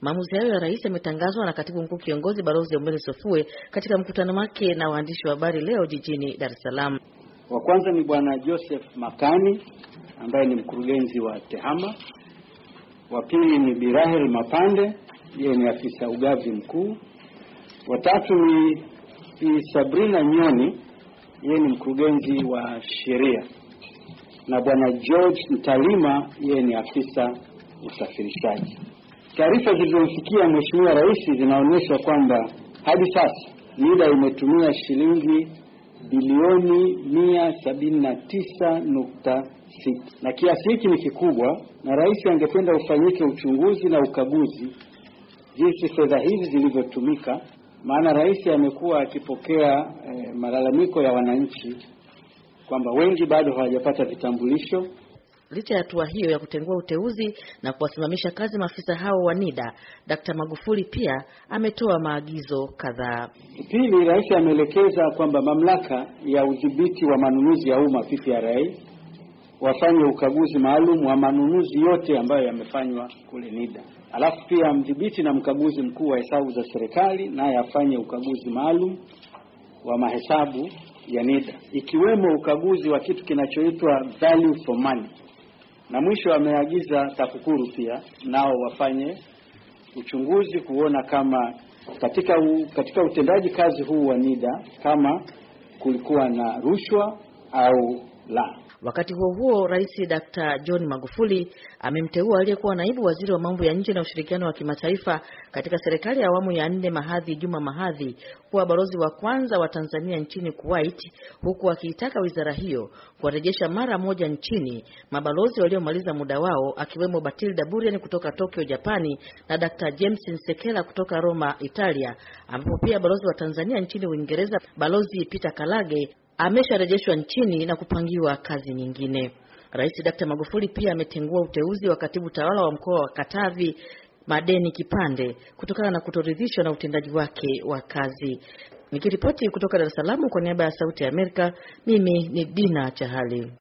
Maamuzi hayo ya rais yametangazwa na katibu mkuu kiongozi Balozi umbele Sofue katika mkutano wake na waandishi wa habari leo jijini Dar es Salaam. Wa kwanza ni bwana Joseph Makani ambaye ni mkurugenzi wa TEHAMA. Wa pili ni Birahel Mapande, yeye ni afisa ugavi mkuu. Wa tatu ni Bi Sabrina Nyoni, yeye ni mkurugenzi wa sheria, na bwana George Mtalima, yeye ni afisa usafirishaji. Taarifa zilizomfikia Mheshimiwa Rais zinaonyesha kwamba hadi sasa NIDA imetumia shilingi bilioni 179.6 na kiasi hiki ni kikubwa, na Rais angependa ufanyike uchunguzi na ukaguzi jinsi fedha hizi zilivyotumika, maana Rais amekuwa akipokea eh, malalamiko ya wananchi kwamba wengi bado hawajapata vitambulisho Licha ya hatua hiyo ya kutengua uteuzi na kuwasimamisha kazi maafisa hao wa NIDA, Dkt. Magufuli pia ametoa maagizo kadhaa. Pili, Rais ameelekeza kwamba mamlaka ya udhibiti wa manunuzi ya umma PPRA wafanye ukaguzi maalum wa manunuzi yote ambayo yamefanywa kule NIDA. Alafu pia mdhibiti na mkaguzi mkuu wa hesabu za serikali naye afanye ukaguzi maalum wa mahesabu ya NIDA, ikiwemo ukaguzi wa kitu kinachoitwa value for money. Na mwisho ameagiza TAKUKURU pia nao wafanye uchunguzi kuona kama katika, u, katika utendaji kazi huu wa NIDA kama kulikuwa na rushwa au la. Wakati huo huo, Rais Dr. John Magufuli amemteua aliyekuwa naibu waziri wa mambo ya nje na ushirikiano wa kimataifa katika serikali ya awamu ya nne Mahadhi Juma Mahadhi kuwa balozi wa kwanza wa Tanzania nchini Kuwait, huku akiitaka wizara hiyo kuwarejesha mara moja nchini mabalozi waliomaliza muda wao akiwemo Batilda Burian kutoka Tokyo, Japani na Dr. James Nsekela kutoka Roma, Italia, ambapo pia balozi wa Tanzania nchini Uingereza Balozi Peter Kalage amesharejeshwa nchini na kupangiwa kazi nyingine. Rais Dr. Magufuli pia ametengua uteuzi wa katibu tawala wa mkoa wa Katavi Madeni Kipande kutokana na kutoridhishwa na utendaji wake wa kazi. Nikiripoti kutoka Dar es Salaam kwa niaba ya Sauti ya Amerika, mimi ni Dina Chahali.